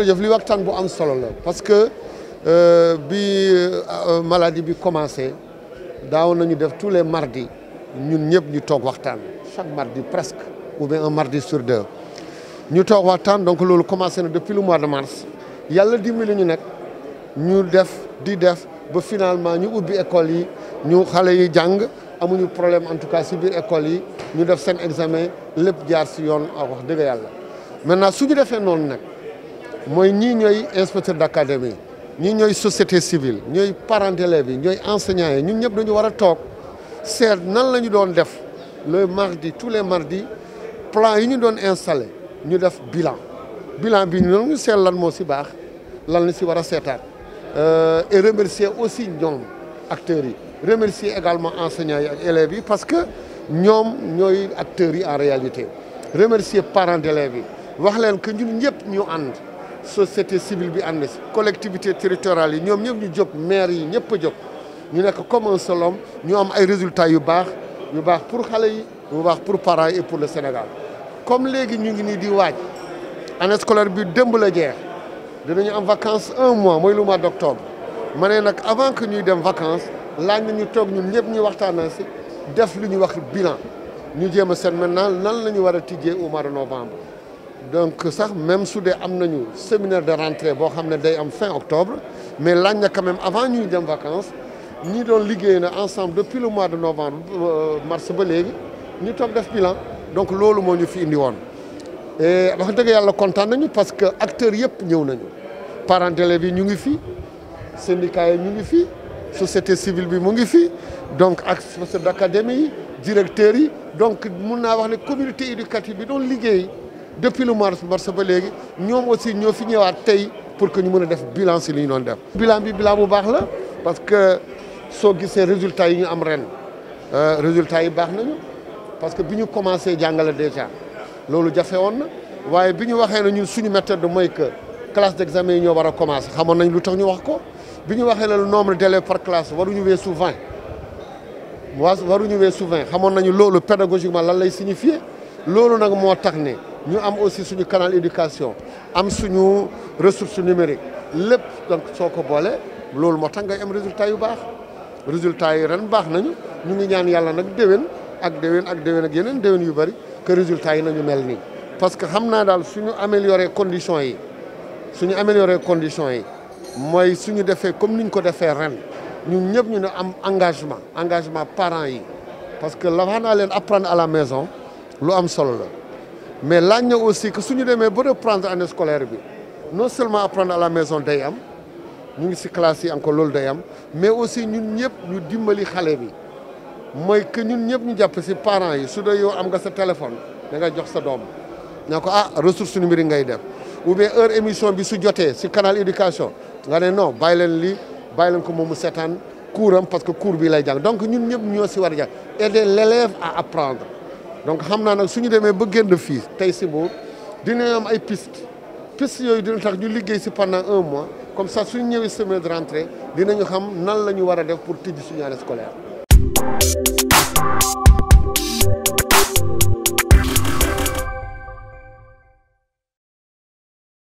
Je voulais li parce que euh, bi euh, euh, maladie bi commencé tous les mardis nous avons ñu chaque mardi presque ou bien un mardi sur deux nous avons donc commencé depuis le mois de mars Il 10 dimbali ñu Nous avons def di def ba finalement ñu ubbi école yi ñu xalé yi jang amuñu problème en tout cas si biir école yi ñu def sen examen lepp jaar ci yoon a ah, wax deug yalla maintenant suñu défé non nak moy ñi ñoy inspecteur d'académie ñi ñoy société civile ñoy parents d'élèves ñoy ñooy enseignants yi ñun ñëpp dañu wara tok toog nan lañu doon def le mardi tous les mardis plan yi ñu doon installer ñu def bilan bilan bi ñu doon seet lan mo si baax lan la ci wara a euh, et remercier aussi les acteurs remercier également enseignants et les élèves parce que sommes les acteurs en réalité remercier parents d'élèves yi wax leen que ñun sommes ñu ànd société civile bi collectivité territoriale yi ñoom ñëpp ñu jóg maire yi ñëpp a ñu comme un seul homme ñu am ay résultats yu baax yu baax pour xale yi yu pour parents et pour le Sénégal comme nous ñu ngi nii di waaj année scolaire bi la dinañu am vacances un mois moy le mois d'octobre. octobre avant que ñuy dem vacances lañ ñu tok ñun ñepp ñu waxtaanal ci def lu ñu wax bilan ñu disons maintenant nan la ñu étudier au mois de novembre. donc sax même soudé am nañu séminaire de rentrée bo xamné day am fin octobre mais lañ quand même avant ñuy dem vacances ñi doon liggéey na ensemble depuis le mois de novembre euh, mars ba légui ñu tok def bilan donc lolu moo ñu fi indi won et wax dëgg yàlla kontaan parce que acteurs yëpp ñëw nañu parents d'élèves yi ñu ngi fi syndicats yi ñu ngi fi société civile bi mu ngi fi donc ak d'académie yi directeurs yi donc mun wax ne communauté éducative bi doon depuis le mars mars ba nous ñoom aussi nous fi ñëwaat tey pour que ñu mën a def bilan si li ñu doon def. bilan bi bilan bu baax la parce que soo gisee résultats yi ñu am ren euh, résultats yi baax nañu parce que nous ñu commencé jàngale déjà lolu jafe woon na waaye bi ñu waxee ne ñun suñu méthode mooy que classe d'examen examen yi ñoo war a commencé nañ lu tax ñu wax ko biñu waxé la ne le nombre d'élèves par classe waru ñu weesu vingt waru ñu weesu vingt xamoon nañ lolu pédagogiquement lan lay signifier lolu nak mo tax né ñu am aussi suñu canal éducation am suñu ressources numériques lepp donc soko bolé lolu mo tax ngay am résultat yu baax résultat yi ren baax nañu ñu ngi ñaan yalla nak déwén ak déwén ak déwén ak yeneen déwén yu bari que résultat yi nañu melni parce que xamna dal suñu améliorer conditions yi suñu améliorer conditions yi moy suñu défé comme niñ ko défé ren ñun ñëpp ñu am engagement engagement parents yi parce que lavana len apprendre à la maison lu am solo la mais lañu aussi que suñu demee ba reprendre année scolaire bi non seulement apprendre à la maison day am ñu ngi ci classe yi encore loolu day am mais aussi ñun ñëpp ñu dimbali xalé bi moy que ñun ñëpp ñu japp ci parents yi su dee yow am nga sa téléphone da nga jox sa doom né ko ah ressource numérique ngay def ou bien heure émission bi su joté ci canal éducation nga né non bay leen li bay leen ko momu sétane couram parce que cour bi lay jàng donc ñun ñëpp ñoo ci war a jàng aider l'élève à apprendre donc xam naa nag su ñu demee de génn tay ci bo dina am ay piste piste yooyu dina tax ñu liggéey ci pendant un mois comme ça suñu ñëwé semaine de rentrée dinañu xam nan lañu wara def pour tijji suñu année scolaire.